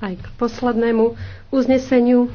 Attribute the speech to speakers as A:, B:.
A: aj k poslednému uzneseniu